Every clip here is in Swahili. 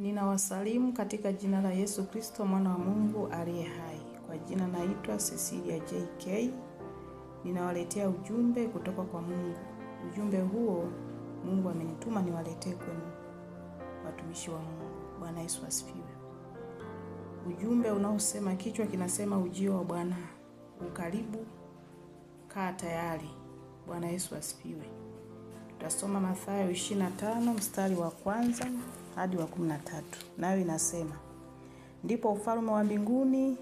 Ninawasalimu katika jina la Yesu Kristo mwana wa Mungu aliye hai. Kwa jina naitwa Cecilia JK. Ninawaletea ujumbe kutoka kwa Mungu. Ujumbe huo Mungu amenituma niwaletee kwenu watumishi wa Mungu. Bwana Yesu asifiwe. Ujumbe unaosema kichwa kinasema ujio wa Bwana ukaribu, kaa tayari. Bwana Yesu asifiwe. Tutasoma Mathayo 25 mstari wa kwanza hadi wa kumi na tatu nayo inasema ndipo ufalume wa mbinguni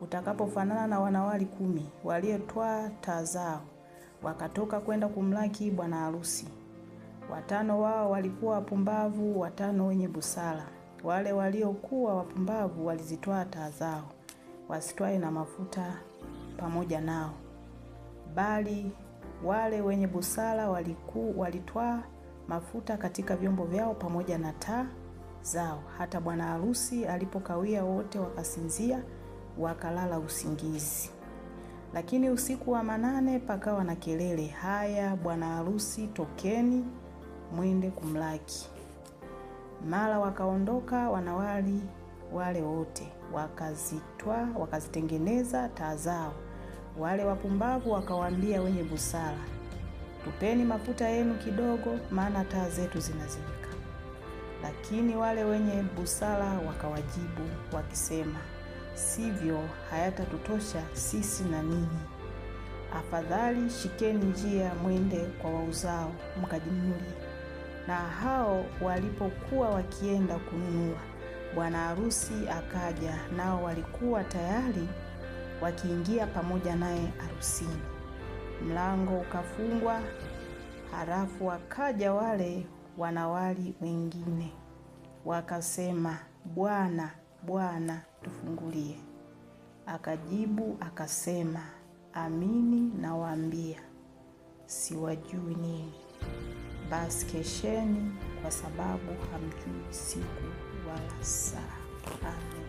utakapofanana na wanawali kumi waliotwaa taa zao wakatoka kwenda kumlaki bwana harusi. Watano wao walikuwa wapumbavu, watano wenye busara. Wale waliokuwa wapumbavu walizitwaa taa zao, wasitwae na mafuta pamoja nao, bali wale wenye busara walitwaa mafuta katika vyombo vyao pamoja na taa zao. Hata bwana harusi alipokawia, wote wakasinzia wakalala usingizi. Lakini usiku wa manane pakawa na kelele, haya, bwana harusi tokeni, mwende kumlaki. Mara wakaondoka wanawali wale wote, wakazitwa wakazitengeneza taa zao. Wale wapumbavu wakawaambia wenye busara, tupeni mafuta yenu kidogo, maana taa zetu zinazimika. Lakini wale wenye busara wakawajibu wakisema, sivyo, hayatatutosha sisi na ninyi. Afadhali shikeni njia, mwende kwa wauzao mkajinunulie. Na hao walipokuwa wakienda kununua, bwana harusi akaja, nao walikuwa tayari wakiingia pamoja naye harusini mlango ukafungwa, halafu wakaja wale wanawali wengine wakasema, Bwana, Bwana, tufungulie. Akajibu akasema, Amini nawaambia, siwajui ninyi. Basi kesheni, kwa sababu hamjui siku wala saa. Amen.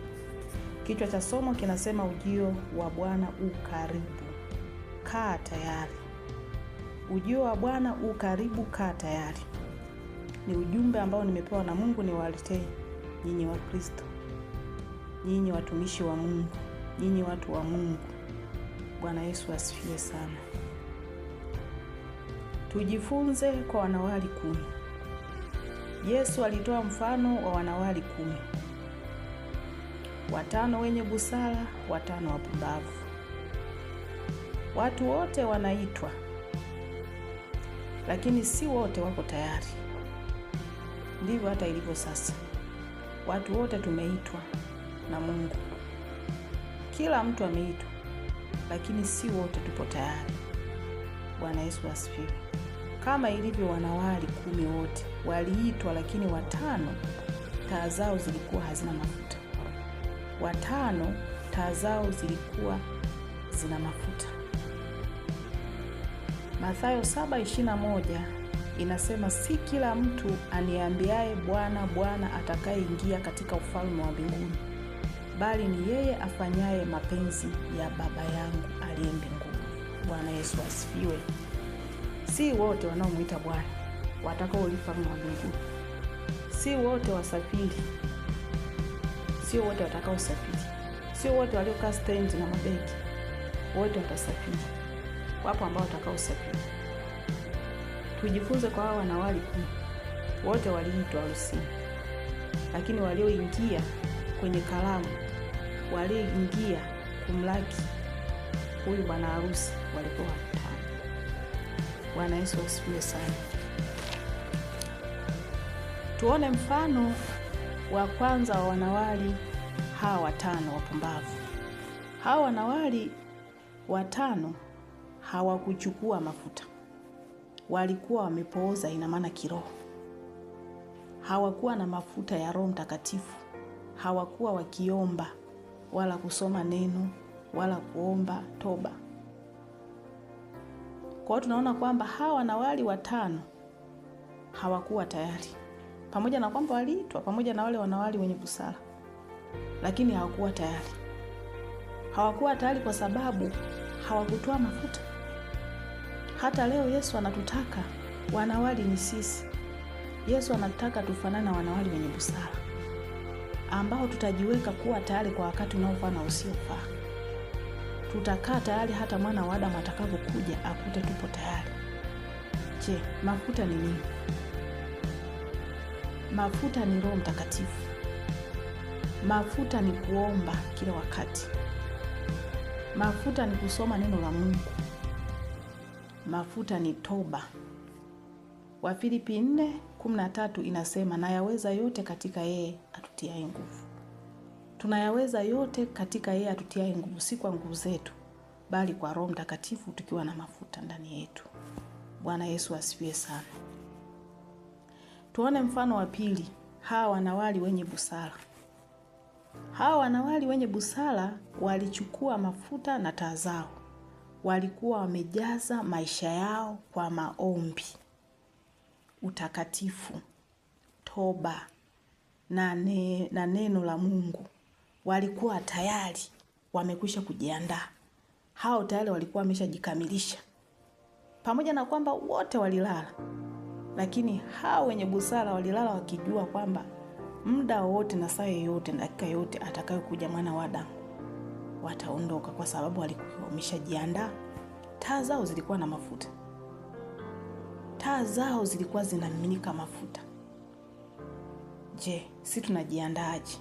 Kichwa cha somo kinasema ujio wa Bwana u karibu kaa tayari. Ujio wa Bwana u karibu, kaa tayari. Ni ujumbe ambao nimepewa na Mungu ni waltei nyinyi wa Kristo, nyinyi watumishi wa Mungu, nyinyi watu wa Mungu. Bwana Yesu asifiwe sana. Tujifunze kwa wanawali kumi. Yesu alitoa mfano wa wanawali kumi: watano wenye busara, watano wapumbavu. Watu wote wanaitwa, lakini si wote wako tayari. Ndivyo hata ilivyo sasa, watu wote tumeitwa na Mungu, kila mtu ameitwa, lakini si wote tupo tayari. Bwana Yesu asifiwe. Kama ilivyo wanawali kumi, wote waliitwa, lakini watano taa zao zilikuwa hazina mafuta. Watano taa zao zilikuwa zina mafuta. Mathayo 7:21 inasema, si kila mtu aniambiaye Bwana, Bwana atakayeingia katika ufalme wa mbinguni, bali ni yeye afanyaye mapenzi ya Baba yangu aliye mbinguni. Bwana Yesu asifiwe. Si wote wanaomwita Bwana watakao ufalme wa mbinguni, si wote wasafiri, sio wote watakaosafiri, sio wote waliokaa stendi na mabeki, wote watasafiri wapo ambao watakaosafiri. Tujifunze kwa hao wanawali pia, wote waliitwa harusini, lakini walioingia kwenye karamu, walioingia kumlaki huyu bwana harusi walikuwa watano. Bwana Yesu asifiwe sana. Tuone mfano wa kwanza wa wanawali hawa watano wapumbavu. Hawa wanawali watano hawakuchukua mafuta, walikuwa wamepooza, ina maana kiroho. Hawakuwa na mafuta ya Roho Mtakatifu, hawakuwa wakiomba wala kusoma neno wala kuomba toba. Kwa tunaona kwamba hawa wanawali watano hawakuwa tayari, pamoja na kwamba waliitwa pamoja na wale wanawali wenye busara, lakini hawakuwa tayari. Hawakuwa tayari kwa sababu hawakutoa mafuta. Hata leo Yesu anatutaka wanawali ni sisi. Yesu anataka tufanane na wanawali wenye busara ambao tutajiweka kuwa tayari kwa wakati unaofaa na usiofaa. Tutakaa tayari hata mwana wa Adamu atakapokuja akute tupo tayari. Je, mafuta ni nini? Mafuta ni Roho Mtakatifu. Mafuta ni kuomba kila wakati. Mafuta ni kusoma neno la Mungu mafuta ni toba. Wafilipi 4:13 inasema, nayaweza yote katika yeye atutiaye nguvu. Tunayaweza yote katika yeye atutiaye nguvu, si kwa nguvu zetu, bali kwa Roho Mtakatifu tukiwa na mafuta ndani yetu. Bwana Yesu asifiwe sana. Tuone mfano wa pili, hawa wanawali wenye busara. Hawa wanawali wenye busara walichukua mafuta na taa zao walikuwa wamejaza maisha yao kwa maombi, utakatifu, toba na, ne, na neno la Mungu. Walikuwa tayari wamekwisha kujiandaa, hao tayari walikuwa wameshajikamilisha, pamoja na kwamba wote walilala, lakini hao wenye busara walilala wakijua kwamba muda wowote na saa yoyote na dakika yoyote atakayokuja mwana wa Adamu wataondoka, kwa sababu walikuwa wameshajiandaa. Taa zao zilikuwa na mafuta, taa zao zilikuwa zinamiminika mafuta. Je, si tunajiandaaje?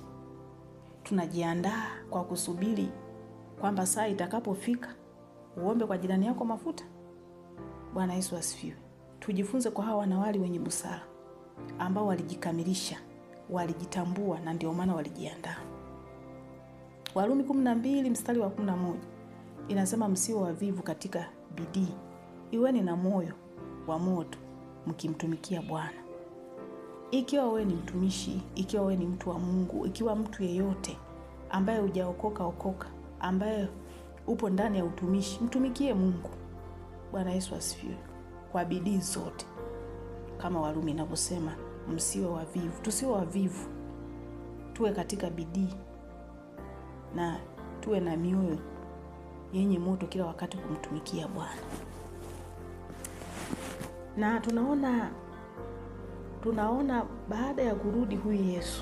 Tunajiandaa kwa kusubiri kwamba saa itakapofika uombe kwa jirani yako mafuta? Bwana Yesu asifiwe. Tujifunze kwa hawa wanawali wenye busara ambao walijikamilisha, walijitambua na ndio maana walijiandaa. Warumi 12 mstari wa 11 inasema msiwe wavivu katika bidii, iweni na moyo wa moto mkimtumikia Bwana. Ikiwa wewe ni mtumishi, ikiwa wewe ni mtu wa Mungu, ikiwa mtu yeyote ambaye hujaokoka okoka, ambaye upo ndani ya utumishi, mtumikie Mungu. Bwana Yesu asifiwe, kwa bidii zote, kama Warumi inavyosema, msiwe wavivu. Tusiwe wavivu, tuwe katika bidii na tuwe na mioyo yenye moto kila wakati kumtumikia Bwana. Na tunaona tunaona baada ya kurudi huyu Yesu,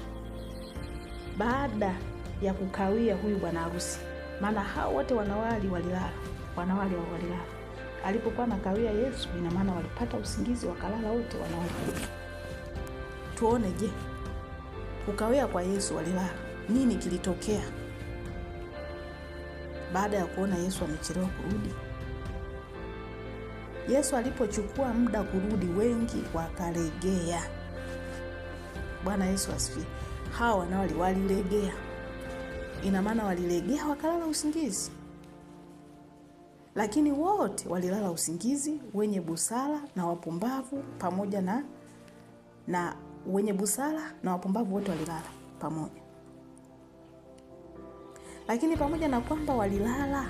baada ya kukawia huyu bwana harusi, maana hao wote wanawali walilala, wanawali walilala. Alipokuwa nakawia Yesu, ina maana walipata usingizi wakalala wote wanawali. Tuone, je, kukawia kwa Yesu walilala, nini kilitokea? baada ya kuona Yesu amechelewa kurudi. Yesu alipochukua muda kurudi, wengi wakalegea. Bwana Yesu asifiwe. Hawa wanawali walilegea, ina maana walilegea wakalala usingizi, lakini wote walilala usingizi, wenye busara na wapumbavu pamoja na na wenye busara na wapumbavu wote walilala pamoja. Lakini pamoja na kwamba walilala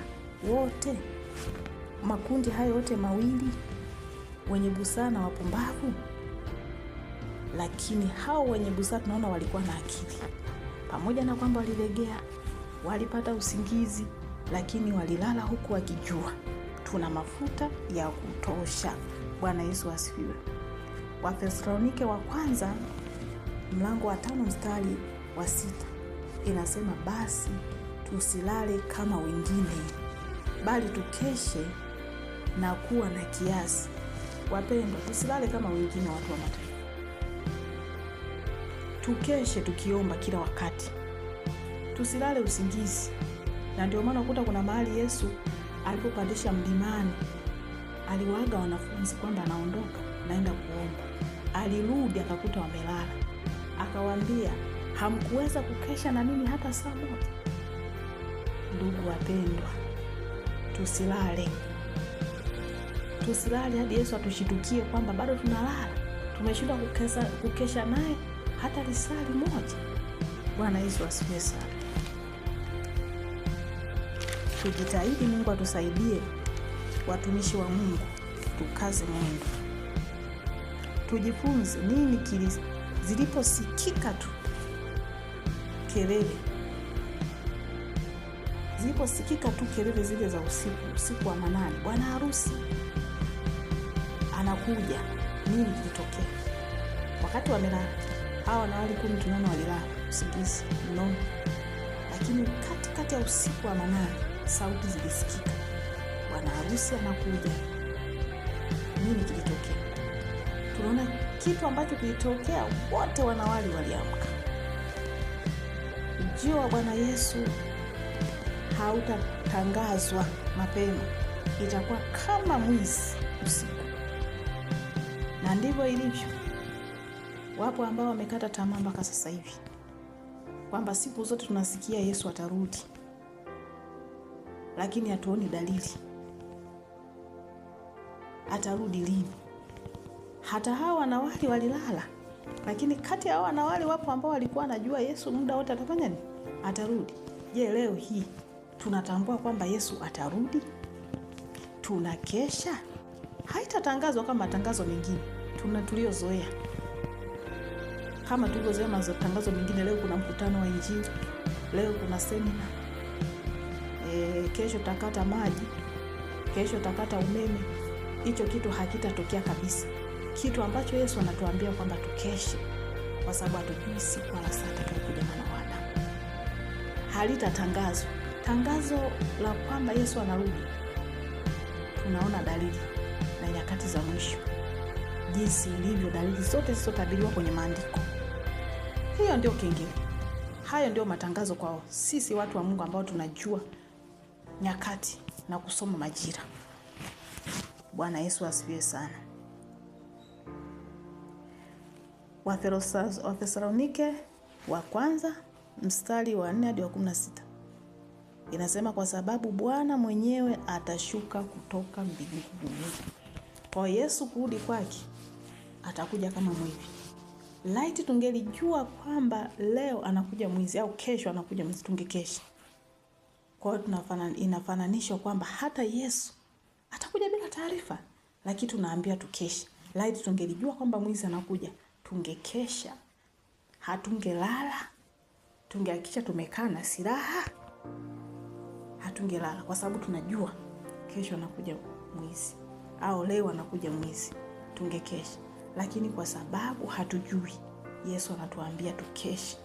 wote, makundi hayo yote mawili, wenye busaa na wapumbavu, lakini hao wenye busaa tunaona walikuwa na akili. Pamoja na kwamba walilegea, walipata usingizi, lakini walilala huku wakijua tuna mafuta ya kutosha. Bwana Yesu asifiwe. Wathesalonike wa kwanza mlango wa tano mstari wa sita inasema basi tusilale kama wengine, bali tukeshe na kuwa na kiasi. Wapendwa, tusilale kama wengine, watu wa mataifa, tukeshe tukiomba kila wakati, tusilale usingizi. Na ndio maana ukuta kuna mahali Yesu alipopandisha mlimani aliwaaga wanafunzi kwamba anaondoka naenda kuomba. Alirudi akakuta wamelala, akawaambia hamkuweza kukesha na mimi hata saa moja. Ndugu wapendwa, tusilale, tusilale hadi Yesu atushitukie kwamba bado tunalala, tumeshindwa kukesha, kukesha naye hata lisali moja. Bwana Yesu asifiwe sana. Tujitahidi, Mungu atusaidie, watumishi wa Mungu, tukaze mungu tujifunze nini kili ziliposikika tu kelele ziliposikika tu kelele zile za usiku usiku wa manane bwana harusi anakuja nini kilitokea wakati wamelala hawa wanawali kumi tunaona walilala usingizi mnono lakini katikati ya usiku wa manane sauti zilisikika bwana harusi anakuja nini kilitokea tunaona kitu ambacho kilitokea wote wanawali waliamka ujio wa bwana yesu hautatangazwa mapema itakuwa kama mwizi usiku na ndivyo ilivyo wapo ambao wamekata tamaa mpaka sasa hivi kwamba siku zote tunasikia yesu atarudi lakini hatuoni dalili atarudi lini hata hawa wanawali walilala lakini kati ya hawa wanawali wapo ambao walikuwa wanajua yesu muda wote atafanya nini atarudi je leo hii tunatambua kwamba Yesu atarudi, tunakesha. Haitatangazwa kama matangazo mengine tuna tuliozoea, kama tulivyozoea matangazo mengine. Leo kuna mkutano wa Injili, leo kuna semina e, eh, kesho takata maji, kesho takata umeme. Hicho kitu hakitatokea kabisa, kitu ambacho Yesu anatuambia kwamba tukeshe, kwa sababu hatujui siku wala saa atakayokuja mwana Halitatangazwa tangazo la kwamba Yesu anarudi, tunaona dalili na nyakati za mwisho jinsi ilivyo, dalili zote zilizotabiriwa kwenye maandiko. Hiyo ndio kengele, hayo ndio matangazo kwao sisi watu wa Mungu ambao tunajua nyakati na kusoma majira. Bwana Yesu asifiwe sana. Wathesalonike wa kwanza mstari wa 4 hadi wa 16. Inasema kwa sababu Bwana mwenyewe atashuka kutoka mbinguni. Kwa Yesu kurudi kwake atakuja kama mwivi. Laiti tungelijua kwamba leo anakuja mwizi au kesho anakuja mwizi tungekesha. Kwa hiyo tunafanana, inafananishwa kwamba hata Yesu atakuja bila taarifa, lakini tunaambia tukesha Laiti tungelijua kwamba mwizi anakuja tungekesha, hatungelala, tungehakikisha tumekaa na silaha hatungelala kwa sababu tunajua kesho anakuja mwizi au leo anakuja mwizi, tungekesha. Lakini kwa sababu hatujui, Yesu anatuambia tukeshe,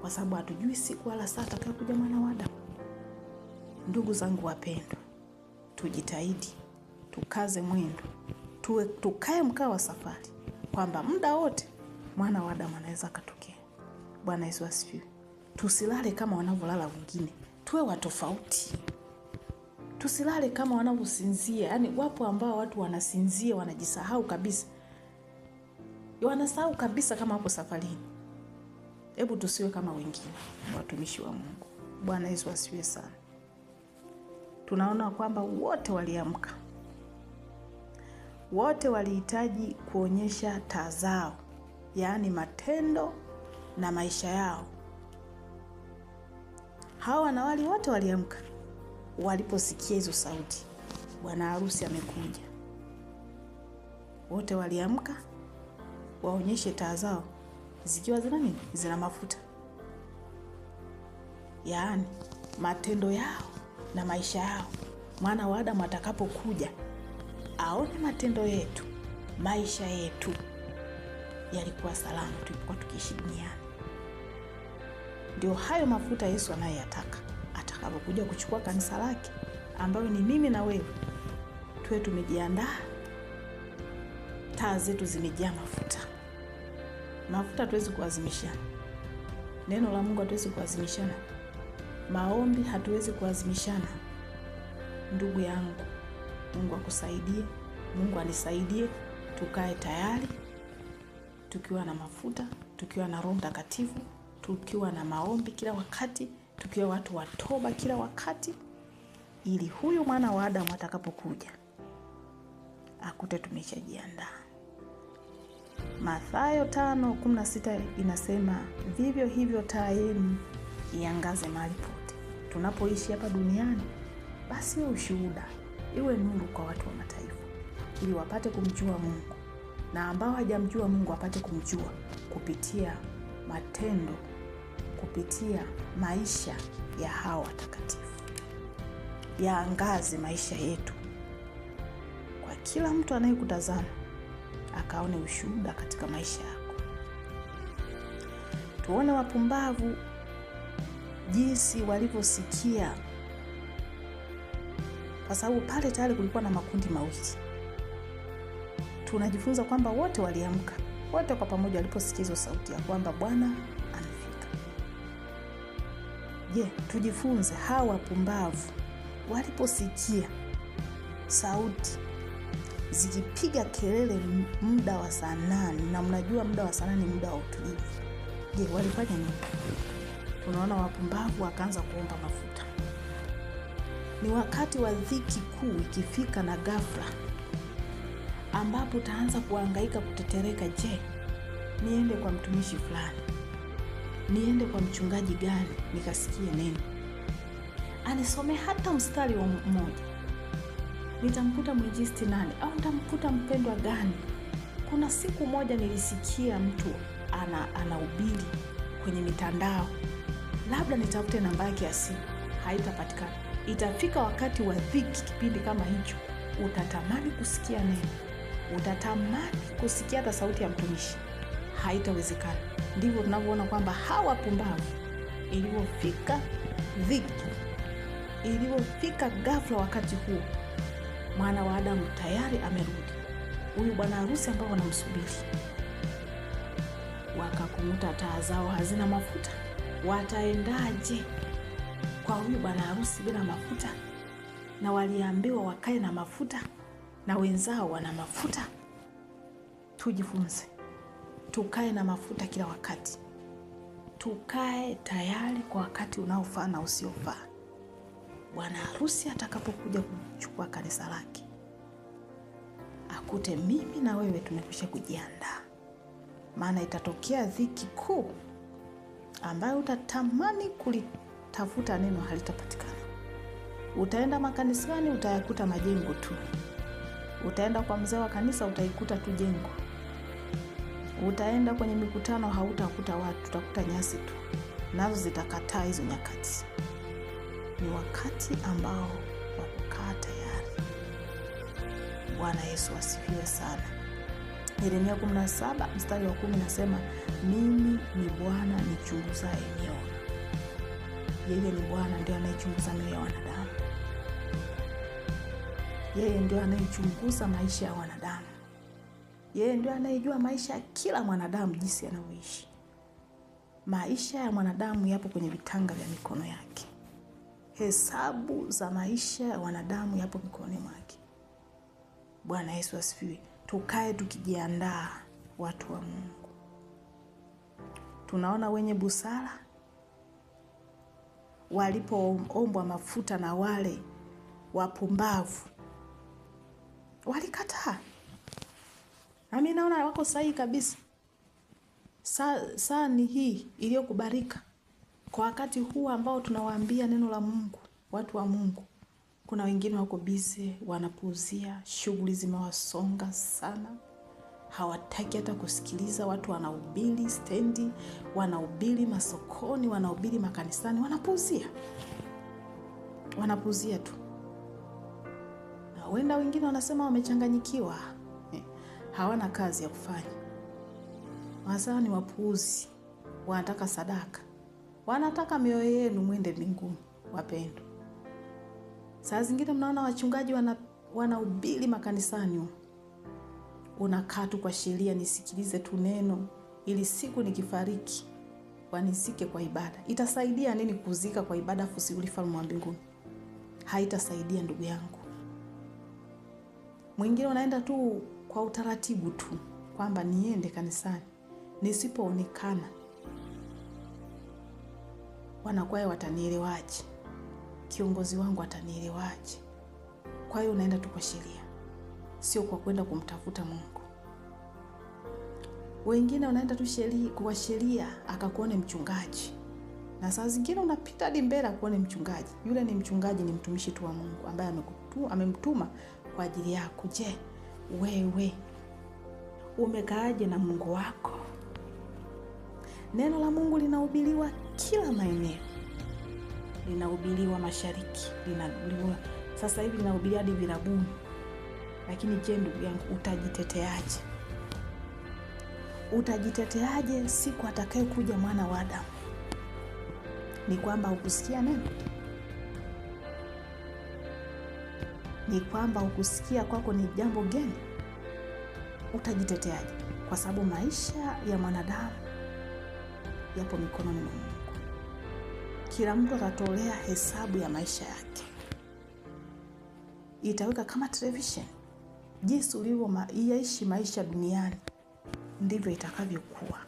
kwa sababu hatujui siku wala saa atakayokuja mwana wa Ndugu zangu wapendwa, tujitahidi, tukaze mwendo, tuwe tukae mkao wa safari, kwamba muda wote mwana wa Adamu anaweza akatokea. Bwana Yesu asifiwe. Tusilale kama wanavyolala wengine tuwe watofauti tusilale kama wanavyosinzia yaani wapo ambao watu wanasinzia wanajisahau kabisa wanasahau kabisa kama wapo safarini hebu tusiwe kama wengine watumishi wa mungu bwana yesu asiwe sana tunaona kwamba wote waliamka wote walihitaji kuonyesha taa zao yaani matendo na maisha yao hawa wanawali wote waliamka waliposikia hizo sauti bwana harusi amekuja wote waliamka waonyeshe taa zao zikiwa zina nini zina mafuta yaani matendo yao na maisha yao mwana wa adamu atakapokuja aone matendo yetu maisha yetu yalikuwa salama tulipokuwa tukiishi duniani ndio hayo mafuta Yesu anayeyataka atakapokuja kuchukua kanisa lake, ambayo ni mimi na wewe, tuwe tumejiandaa, taa zetu zimejaa mafuta. Mafuta hatuwezi kuazimishana, neno la Mungu hatuwezi kuazimishana, maombi hatuwezi kuazimishana. Ndugu yangu, Mungu akusaidie, Mungu anisaidie, tukae tayari tukiwa na mafuta, tukiwa na Roho Mtakatifu tukiwa na maombi kila wakati, tukiwa watu wa toba kila wakati, ili huyu mwana wa Adamu atakapokuja akute tumeshajiandaa. Mathayo 5:16 inasema vivyo hivyo taa yenu iangaze mali pote tunapoishi hapa duniani, basi iwe ushuhuda, iwe nuru kwa watu wa mataifa, ili wapate kumjua Mungu na ambao hajamjua Mungu apate kumjua kupitia matendo kupitia maisha ya hawa watakatifu, yaangaze maisha yetu kwa kila mtu anayekutazama akaone ushuhuda katika maisha yako. Tuone wapumbavu jinsi walivyosikia, kwa sababu pale tayari kulikuwa na makundi mawili. Tunajifunza kwamba wote waliamka, wote kwa pamoja waliposikia sauti ya kwamba Bwana Je, tujifunze hawa wapumbavu waliposikia sauti zikipiga kelele muda wa saa nane, na mnajua muda wa saa nane muda wa utulivu. Je, walifanya nini? Unaona, wapumbavu wakaanza kuomba mafuta. Ni wakati wa dhiki kuu ikifika na ghafla, ambapo utaanza kuangaika kutetereka. Je, niende kwa mtumishi fulani niende kwa mchungaji gani nikasikie neno, anisome hata mstari wa mmoja. Nitamkuta mwinjisti nani? Au nitamkuta mpendwa gani? Kuna siku moja nilisikia mtu ana ubili kwenye mitandao, labda nitafute namba yake ya simu, haitapatikana. Itafika wakati wa dhiki, kipindi kama hicho utatamani kusikia neno, utatamani kusikia hata sauti ya mtumishi, haitawezekana ndivyo tunavyoona kwamba hawa pumbavu ilivyofika dhiki ilivyofika ghafla wakati huo mwana wa adamu tayari amerudi huyu bwana harusi ambao wanamsubiri wakakumuta taa zao hazina mafuta wataendaje kwa huyu bwana harusi bila mafuta na waliambiwa wakae na mafuta na wenzao wana mafuta tujifunze tukae na mafuta kila wakati, tukae tayari kwa wakati unaofaa na usiofaa. Bwana harusi atakapokuja kuchukua kanisa lake, akute mimi na wewe tumekwisha kujiandaa, maana itatokea dhiki kuu ambayo utatamani kulitafuta neno halitapatikana. Utaenda makanisani utayakuta majengo tu, utaenda kwa mzee wa kanisa utaikuta tu jengo utaenda kwenye mikutano hautakuta watu, utakuta nyasi tu, nazo zitakataa hizo nyakati. Ni wakati ambao wakukaa tayari. Bwana Yesu asifiwe sana. Yeremia 17 mstari wa kumi nasema mimi ni Bwana nichunguzaye mioyo. Yeye ni Bwana ndio anayechunguza mioyo ya wanadamu. Yeye ndio anayechunguza maisha ya wanadamu. Yeye ndio anayejua maisha ya kila mwanadamu jinsi yanavyoishi. Maisha ya mwanadamu yapo kwenye vitanga vya mikono yake. Hesabu za maisha ya wanadamu yapo mikononi mwake. Bwana Yesu asifiwe. Tukae tukijiandaa, watu wa Mungu. Tunaona wenye busara walipoombwa mafuta na wale wapumbavu walikataa. Nami naona wako sahihi kabisa. Saa, saa ni hii iliyokubarika kwa wakati huu ambao tunawaambia neno la Mungu, watu wa Mungu. Kuna wengine wako bize, wanapuuzia, shughuli zimewasonga sana, hawataki hata kusikiliza. Watu wanaubili stendi, wanaubili masokoni, wanaubili makanisani, wanapuuzia, wanapuuzia tu, na huenda wengine wanasema wamechanganyikiwa hawana kazi ya kufanya. wazao ni wapuuzi, wanataka sadaka, wanataka mioyo yenu mwende mbinguni. Wapendwa, saa zingine mnaona wachungaji wana wanahubiri makanisani, unakaa tu kwa sheria, nisikilize tu neno ili siku nikifariki wanisike kwa ibada. Itasaidia nini kuzika kwa ibada fusiuli siuli falme wa mbinguni? Haitasaidia ndugu yangu. Mwingine unaenda tu kwa utaratibu tu kwamba niende kanisani, nisipoonekana wanakwaya watanielewaje? Kiongozi wangu atanielewaje? Kwa hiyo unaenda tu kwa sheria, sio kwa kwenda kumtafuta Mungu. Wengine unaenda tu sheria kwa sheria, akakuone mchungaji, na saa zingine unapita hadi mbele akuone mchungaji. Yule ni mchungaji, ni mtumishi tu wa Mungu ambaye amemtuma kwa ajili yako. Je, wewe umekaaje na Mungu wako? Neno la Mungu linahubiriwa kila maeneo, linahubiriwa mashariki, linahubiriwa sasa hivi linahubilia hadi Virabuni. Lakini je, ndugu yangu, utajiteteaje? Utajiteteaje siku atakayokuja mwana wa Adamu? Ni kwamba ukusikia neno ni kwamba ukusikia kwako ni jambo geni utajiteteaje kwa sababu maisha ya mwanadamu yapo mikononi mwa mungu kila mtu atatolea hesabu ya maisha yake itaweka kama televishen jinsi ulivyoyaishi ma, maisha duniani ndivyo itakavyokuwa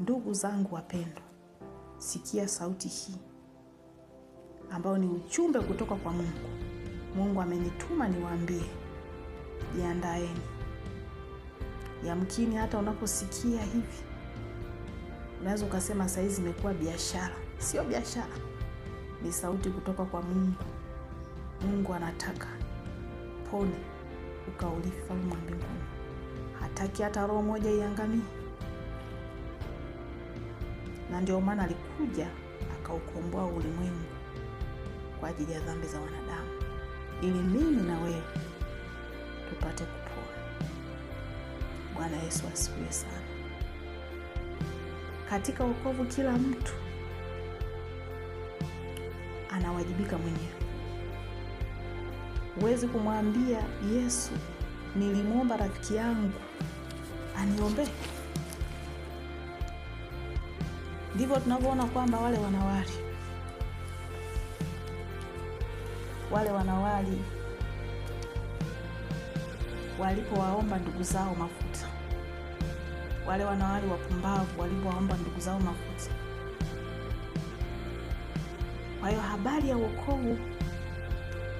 ndugu zangu wapendwa sikia sauti hii ambayo ni uchumbe kutoka kwa mungu Mungu amenituma niwaambie, jiandaeni. Yamkini hata unaposikia hivi unaweza ukasema saa hizi imekuwa biashara. Sio biashara, ni sauti kutoka kwa Mungu. Mungu anataka pone ukaulike ufalme wa mbinguni, hataki hata roho moja iangamie, na ndio maana alikuja akaukomboa ulimwengu kwa ajili ya dhambi za wana ili mimi na wewe tupate kupona. Bwana Yesu asifiwe sana. Katika wokovu kila mtu anawajibika mwenyewe. Huwezi kumwambia Yesu, nilimwomba rafiki yangu aniombee. Ndivyo tunavyoona kwamba wale wanawali wale wanawali walipowaomba ndugu zao mafuta, wale wanawali wapumbavu walipowaomba ndugu zao mafuta. Kwa hiyo habari ya wokovu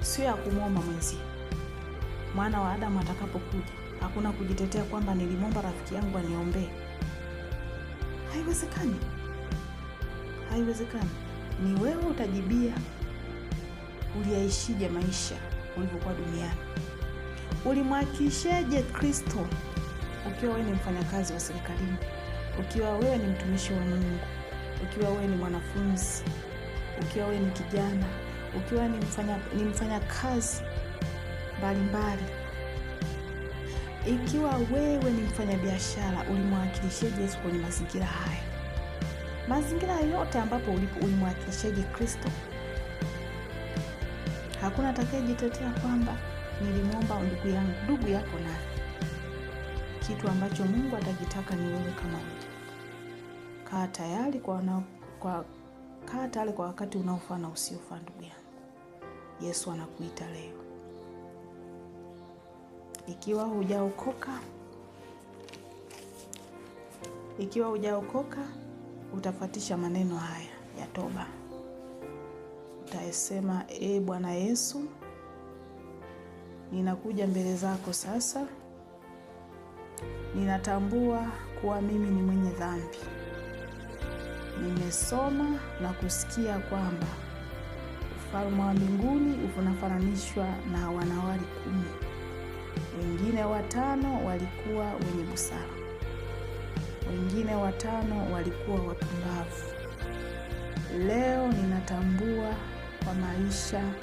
sio ya kumwomba mwenzie. Mwana wa Adamu atakapokuja hakuna kujitetea kwamba nilimwomba rafiki yangu aniombee. Haiwezekani, haiwezekani. Ni wewe utajibia uliyaishije maisha ulivyokuwa duniani ulimwakilishaje kristo ukiwa wewe ni mfanyakazi wa serikalini ukiwa wewe ni mtumishi wa mungu ukiwa wewe ni mwanafunzi ukiwa wewe ni kijana ukiwa ni mfanyakazi mfanya mbalimbali ikiwa wewe ni mfanyabiashara ulimwakilisheje yesu kwenye mazingira haya mazingira yote ambapo ulimwakilisheje kristo hakuna atakayejitetea kwamba nilimwomba ndugu yangu, ndugu yako naye. Kitu ambacho Mungu atakitaka ni wewe kama mtu. Kaa tayari kwa, na, kwa, kaa tayari kwa wakati unaofaa na usiofaa, ndugu yangu. Yesu anakuita leo. Ikiwa hujaokoka ikiwa hujaokoka utafatisha maneno haya ya toba utayesema e, Bwana Yesu, ninakuja mbele zako sasa, ninatambua kuwa mimi ni mwenye dhambi. Nimesoma na kusikia kwamba ufalme wa mbinguni unafananishwa na wanawali kumi, wengine watano walikuwa wenye busara, wengine watano walikuwa wapumbavu. Leo ninatambua kwa maisha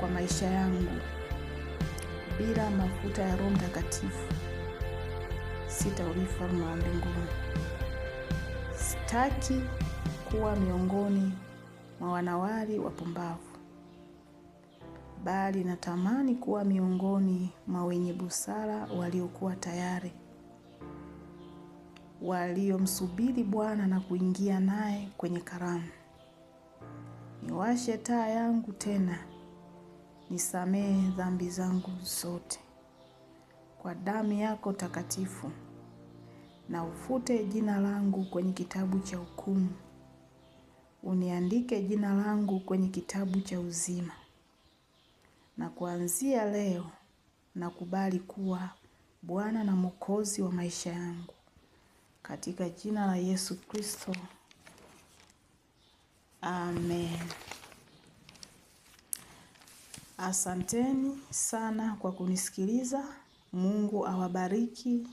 kwa maisha yangu. Bila mafuta ya Roho Mtakatifu sitaurithi ufalme Sitaki kuwa miongoni mwa wanawali wapumbavu, bali natamani kuwa miongoni mwa wenye busara waliokuwa tayari, waliomsubiri Bwana na kuingia naye kwenye karamu niwashe taa yangu tena, nisamehe dhambi zangu zote kwa damu yako takatifu, na ufute jina langu kwenye kitabu cha hukumu, uniandike jina langu kwenye kitabu cha uzima. Na kuanzia leo nakubali kuwa Bwana na Mwokozi wa maisha yangu, katika jina la Yesu Kristo. Amen. Asanteni sana kwa kunisikiliza. Mungu awabariki.